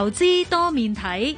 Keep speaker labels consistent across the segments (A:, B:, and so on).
A: 投資多面睇。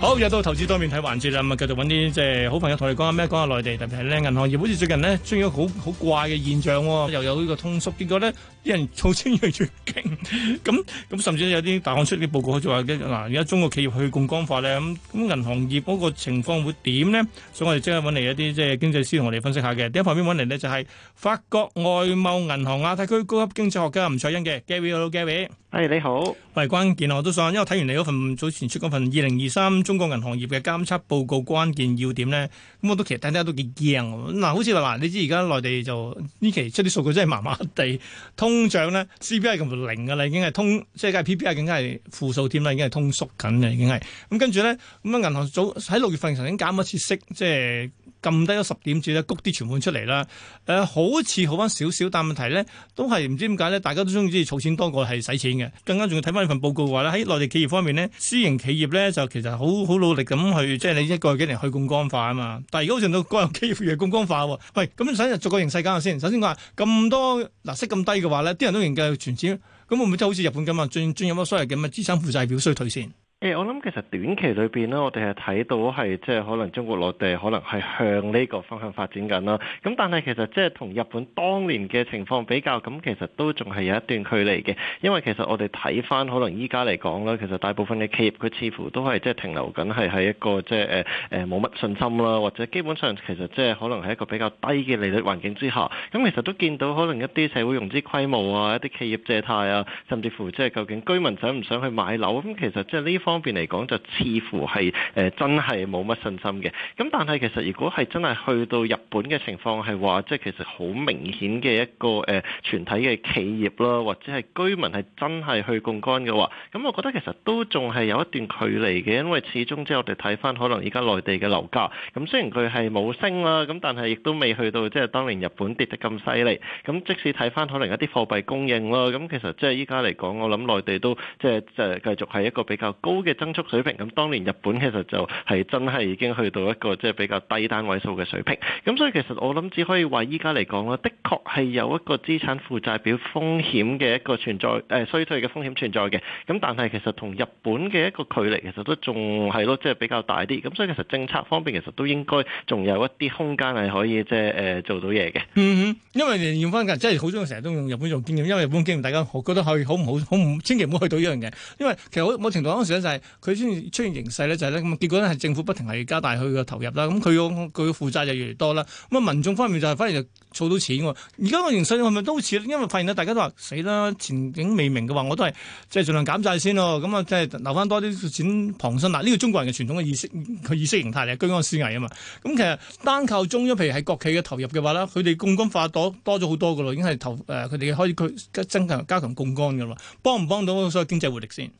B: 好，又到投資多面睇環節啦，咪繼續揾啲即係好朋友同你哋講下咩，講下內地特別係咧銀行業，好似最近呢，出現咗好好怪嘅現象、哦，又有呢個通縮，結果呢，啲人儲錢越嚟越勁，咁 咁、嗯嗯、甚至有啲大行出啲報告就話，嗱，而家中國企業去杠杆化咧，咁咁銀行業嗰個情況會點呢？所以我哋即刻揾嚟一啲即係經濟師同我哋分析下嘅。第一旁邊揾嚟呢，就係法國外貿銀行亞太區高級經濟學家吳卓殷嘅，Gary hello Gary。係、hey, 你好，喂，關鍵我都想。因為睇完你嗰份早前出嗰份二零二三中國銀行業嘅監測報告關鍵要點咧，咁我都其實睇睇都幾驚。嗱、啊，好似話，你知而家內地就呢期出啲數據真係麻麻地，通脹咧 CPI 咁零噶啦，已經係通即係加 PPI，已經係負數添啦，已經係通縮緊嘅，已經係。咁跟住咧，咁啊銀行早喺六月份曾經減咗一次息，即係。咁低咗十點幾咧，谷啲存款出嚟啦。誒、呃，好似好翻少少，但問題呢都係唔知點解咧，大家都中意儲錢多過係使錢嘅。更加仲要睇翻呢份報告話呢，喺內地企業方面呢，私營企業呢就其實好好努力咁去，即係你一個幾年去槓桿化啊嘛。但係而家好似到國有企業亦槓桿化喎。喂、嗯，咁想逐個形勢講下先。首先話咁多嗱、啊，息咁低嘅話呢，啲人都仍繼續存錢，咁會唔會真係好似日本咁啊？進進入咗所謂嘅資產負債表衰退先？
A: 誒，我諗其實短期裏邊咧，我哋係睇到係即係可能中國內地可能係向呢個方向發展緊啦。咁但係其實即係同日本當年嘅情況比較，咁其實都仲係有一段距離嘅。因為其實我哋睇返可能依家嚟講啦，其實大部分嘅企業佢似乎都係即係停留緊係喺一個即係誒誒冇乜信心啦，或者基本上其實即係可能係一個比較低嘅利率環境之下。咁其實都見到可能一啲社會融資規模啊，一啲企業借貸啊，甚至乎即係究竟居民想唔想去買樓咁，其實即係呢，方面嚟講就似乎係誒、呃、真係冇乜信心嘅。咁但係其實如果係真係去到日本嘅情況，係話即係其實好明顯嘅一個誒、呃、全體嘅企業啦，或者係居民係真係去槓桿嘅話，咁我覺得其實都仲係有一段距離嘅，因為始終即係我哋睇翻可能而家內地嘅樓價咁，雖然佢係冇升啦，咁但係亦都未去到即係當年日本跌得咁犀利。咁即使睇翻可能一啲貨幣供應啦，咁其實即係依家嚟講，我諗內地都即係即係繼續係一個比較高嘅增速水平，咁當年日本其實就係真係已經去到一個即係比較低單位數嘅水平，咁所以其實我諗只可以話依家嚟講咧，的確係有一個資產負債表風險嘅一個存在，誒、呃、衰退嘅風險存在嘅，咁但係其實同日本嘅一個距離其實都仲係咯，即係比較大啲，咁所以其實政策方面其實都應該仲有一啲空間係可以即係誒做到嘢嘅。
B: 嗯哼，因為用翻嘅即係好中意成日都用日本做經驗，因為日本經驗大家我覺得可以好唔好，好唔千祈唔好去到依樣嘢，因為其實好某程度嗰陣佢先出現形勢咧，就係、是、呢。咁啊！結果咧，係政府不停係加大佢嘅投入啦。咁佢要佢嘅負債就越嚟越多啦。咁、嗯、啊，民眾方面就係、是、反而就儲到錢喎。而家個形勢係咪都好似？因為發現大家都話死啦，前景未明嘅話，我都係即係盡量減債先咯。咁、嗯、啊，即、嗯、係、就是、留翻多啲錢旁身。嗱，呢個中國人嘅傳統嘅意識，佢意識形態嚟，居安思危啊嘛。咁、嗯、其實單靠中央，譬如係國企嘅投入嘅話啦，佢哋槓桿化多多咗好多噶啦，已經係投誒佢哋可以增強加強槓桿噶啦，幫唔幫到所有經濟活力先？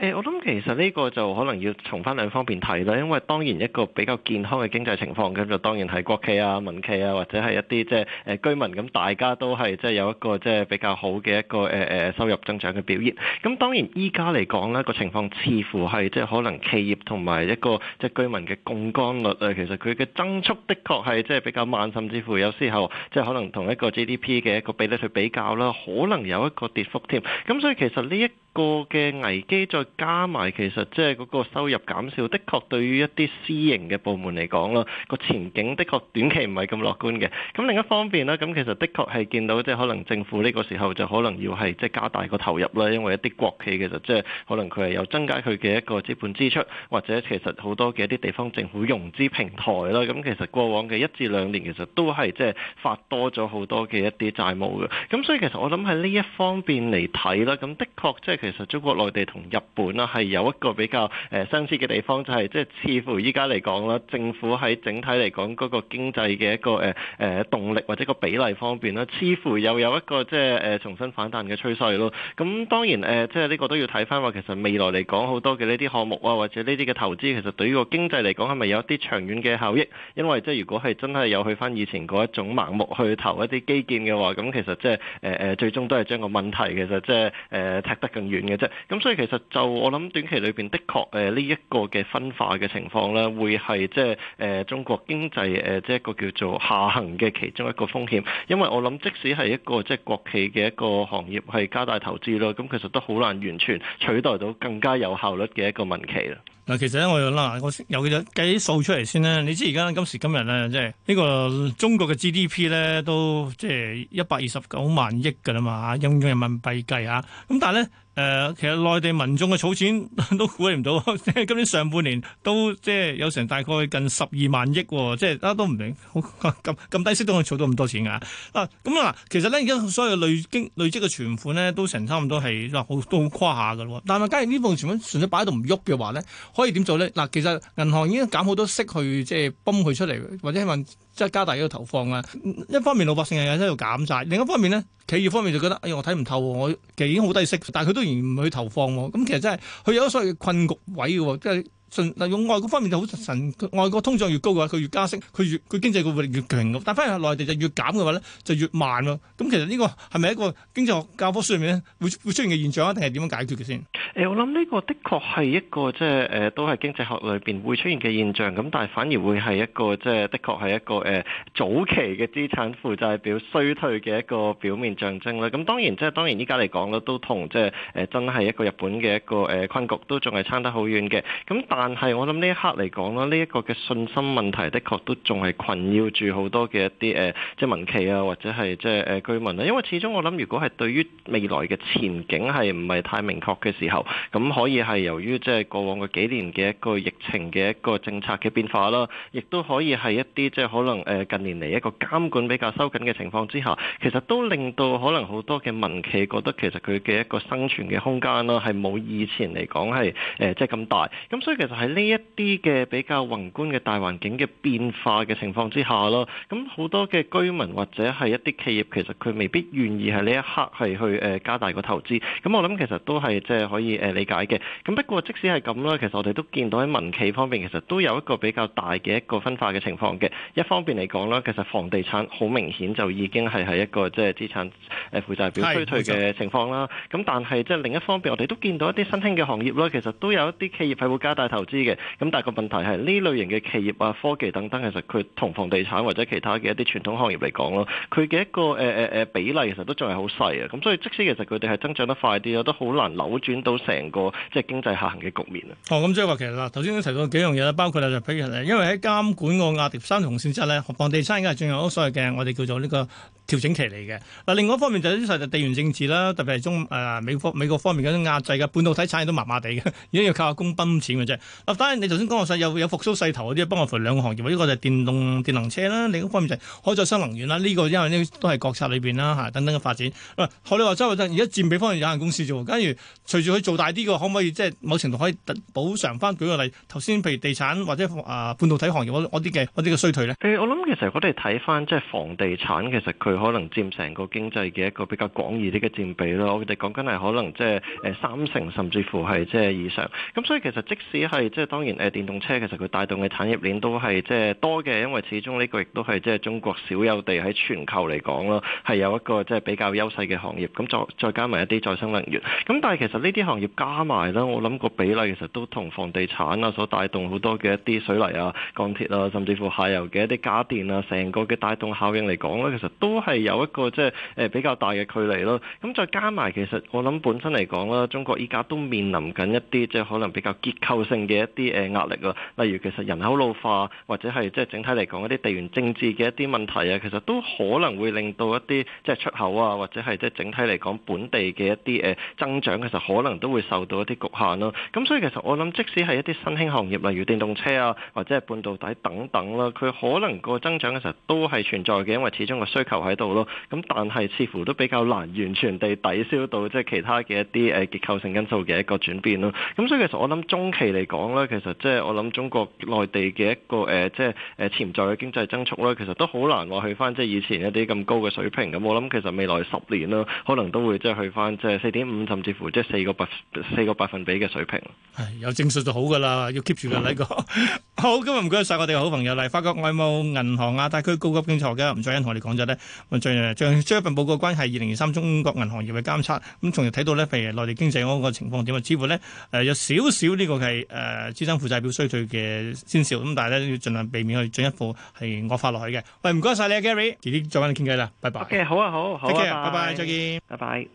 A: 誒，我諗其實呢個就可能要從翻兩方面睇啦，因為當然一個比較健康嘅經濟情況，咁就當然係國企啊、民企啊或者係一啲即係誒居民咁，大家都係即係有一個即係比較好嘅一個誒誒收入增長嘅表現。咁當然依家嚟講呢個情況似乎係即係可能企業同埋一個即係居民嘅槓桿率啊，其實佢嘅增速的確係即係比較慢，甚至乎有時候即係可能同一個 GDP 嘅一個比率去比較啦，可能有一個跌幅添。咁所以其實呢一個嘅危機再加埋，其實即係嗰個收入減少，的確對於一啲私營嘅部門嚟講啦，個前景的確短期唔係咁樂觀嘅。咁另一方面啦，咁其實的確係見到即係可能政府呢個時候就可能要係即係加大個投入啦，因為一啲國企其實即係可能佢係有增加佢嘅一個資本支出，或者其實好多嘅一啲地方政府融資平台啦。咁其實過往嘅一至兩年其實都係即係發多咗好多嘅一啲債務嘅。咁所以其實我諗喺呢一方面嚟睇啦，咁的確即係。其實中國內地同日本啊，係有一個比較誒相似嘅地方，就係即係似乎依家嚟講啦，政府喺整體嚟講嗰個經濟嘅一個誒誒動力或者個比例方面啦，似乎又有一個即係誒重新反彈嘅趨勢咯。咁當然誒，即係呢個都要睇翻話，其實未來嚟講好多嘅呢啲項目啊，或者呢啲嘅投資，其實對於個經濟嚟講係咪有一啲長遠嘅效益？因為即係如果係真係有去翻以前嗰一種盲目去投一啲基建嘅話，咁其實即係誒誒，最終都係將個問題其實即係誒踢得更遠嘅啫，咁所以其實就我諗短期裏邊的確誒呢一個嘅分化嘅情況咧，會係即係誒中國經濟誒即係一個叫做下行嘅其中一個風險。因為我諗即使係一個即係國企嘅一個行業係加大投資咯，咁其實都好難完全取代到更加有效率嘅一個民企啦。
B: 嗱，其實咧我又嗱，我有計啲數出嚟先啦。你知而家今時今日咧，即係呢個中國嘅 GDP 咧都即係一百二十九萬億噶啦嘛吓，用用人民幣計吓。咁、嗯、但係咧。誒，其實內地民眾嘅儲錢都估唔到，即係今年上半年都即係有成大概近十二萬億、哦，即係都都唔明咁咁低息都可以儲到咁多錢噶、啊。啊，咁啊，其實咧而家所有累經累積嘅存款咧，都成差唔多係都好都好誇張噶咯。但係假如呢份存款純粹擺喺度唔喐嘅話咧，可以點做咧？嗱，其實銀行已經減好多息去即係泵佢出嚟，或者係問。即係加大呢個投放啊！一方面老百姓係喺度減債，另一方面咧企業方面就覺得，哎呀我睇唔透，我其實已經好低息，但係佢都仍然唔去投放喎。咁其實真係佢有啲所謂困局位嘅，即係。純用外國方面就好，神。外國通脹越高嘅話，佢越加息，佢越佢經濟個活力越強，但反而內地就越減嘅話咧，就越慢喎。咁其實呢個係咪一個經濟學教科書入面咧，會會出現嘅現象啊？定係點樣解決嘅先？
A: 誒、欸，我諗呢個的確係一個即係誒，都係經濟學裏邊會出現嘅現象。咁但係反而會係一個即係、呃、的確係一個誒、呃、早期嘅資產負債表衰退嘅一個表面象徵啦。咁當然即係、呃、當然依家嚟講咧，都同即係誒真係一個日本嘅一個誒困局都仲係差得好遠嘅。咁但但係我諗呢一刻嚟講啦，呢、這、一個嘅信心問題，的確都仲係困擾住好多嘅一啲誒，即係民企啊，或者係即係誒居民啦、啊。因為始終我諗，如果係對於未來嘅前景係唔係太明確嘅時候，咁可以係由於即係過往嘅幾年嘅一個疫情嘅一個政策嘅變化啦，亦都可以係一啲即係可能誒近年嚟一個監管比較收緊嘅情況之下，其實都令到可能好多嘅民企覺得其實佢嘅一個生存嘅空間啦，係冇以前嚟講係誒即係咁大。咁所以其就喺呢一啲嘅比較宏觀嘅大環境嘅變化嘅情況之下咯，咁好多嘅居民或者係一啲企業其實佢未必願意喺呢一刻係去誒加大個投資，咁我諗其實都係即係可以誒理解嘅。咁不過即使係咁啦，其實我哋都見到喺民企方面，其實都有一個比較大嘅一個分化嘅情況嘅。一方面嚟講啦，其實房地產好明顯就已經係喺一個即係資產誒負債表衰退嘅情況啦。咁但係即係另一方面，我哋都見到一啲新興嘅行業啦，其實都有一啲企業係會加大投投資嘅咁，但係個問題係呢類型嘅企業啊、科技等等，其實佢同房地產或者其他嘅一啲傳統行業嚟講咯，佢嘅一個誒誒誒比例其實都仲係好細啊。咁所以即使其實佢哋係增長得快啲，都好難扭轉到成個即係經濟下行嘅局面啊。
B: 哦，咁即係話其實啦，頭先都提到幾樣嘢啦，包括啦，就譬如誒，因為喺監管個亞跌山紅線之後咧，房地產應該係進入所謂嘅我哋叫做呢、這個。調整期嚟嘅嗱，另外一方面就係啲實質地緣政治啦，特別係中誒美國美國方面嗰種壓制嘅半導體產業都麻麻地嘅，已經要靠下工泵錢嘅啫。嗱，當然你頭先講話勢有有復甦勢頭嗰啲，包括兩個行業，一個就係電動電能車啦，另一方面就係可再生能源啦。呢、呢個因為個都係國策裏邊啦，嚇等等嘅發展。嗱、呃，學你話齋話齋，而家佔比方面有限公司啫，假如隨住佢做大啲嘅，可唔可以即係某程度可以補償翻？舉個例，頭先譬如地產或者誒、呃、半導體行業嗰啲
A: 嘅啲嘅衰退咧、欸。我諗其實我哋睇翻即係房地產，其實佢。可能佔成個經濟嘅一個比較廣義啲嘅佔比咯，我哋講緊係可能即係誒三成，甚至乎係即係以上。咁所以其實即使係即係當然誒，電動車其實佢帶動嘅產業鏈都係即係多嘅，因為始終呢個亦都係即係中國少有地喺全球嚟講咯，係有一個即係比較優勢嘅行業。咁再再加埋一啲再生能源。咁但係其實呢啲行業加埋咧，我諗個比例其實都同房地產啊所帶動好多嘅一啲水泥啊、鋼鐵啊，甚至乎下游嘅一啲家電啊，成個嘅帶動效應嚟講咧，其實都係。係有一個即係誒比較大嘅距離咯。咁再加埋，其實我諗本身嚟講啦，中國依家都面臨緊一啲即係可能比較結構性嘅一啲誒壓力啊。例如其實人口老化或者係即係整體嚟講一啲地緣政治嘅一啲問題啊，其實都可能會令到一啲即係出口啊或者係即係整體嚟講本地嘅一啲誒增長其實可能都會受到一啲局限咯。咁所以其實我諗即使係一啲新興行業例如電動車啊或者係半導體等等啦，佢可能個增長嘅時候都係存在嘅，因為始終個需求係。喺度咯，咁但係似乎都比較難完全地抵消到即係其他嘅一啲誒結構性因素嘅一個轉變咯。咁所以其實我諗中期嚟講咧，其實即係我諗中國內地嘅一個誒即係誒潛在嘅經濟增速咧，其實都好難話去翻即係以前一啲咁高嘅水平。咁我諗其實未來十年咯，可能都會即係去翻即係四點五甚至乎即係四個百四個百分比嘅水平。係
B: 有正數就好噶啦，要 keep 住個呢、這個。嗯、 好，今日唔該晒我哋嘅好朋友嚟，法國外貿銀行啊，亞太區高級經濟學家吳卓殷同我哋講咗咧。最後一份報告關係，二零二三中國銀行業嘅監測，咁從而睇到咧，譬如內地經濟嗰個情況點啊，似乎咧誒、呃、有少少呢個係誒、呃、資產負債表衰退嘅先兆，咁但係咧要盡量避免去進一步係惡化落去嘅。喂，唔該晒你啊，Gary，遲啲再揾你傾偈啦，拜拜。o、okay, k 好啊，好啊，好，拜拜，再見，
A: 拜拜。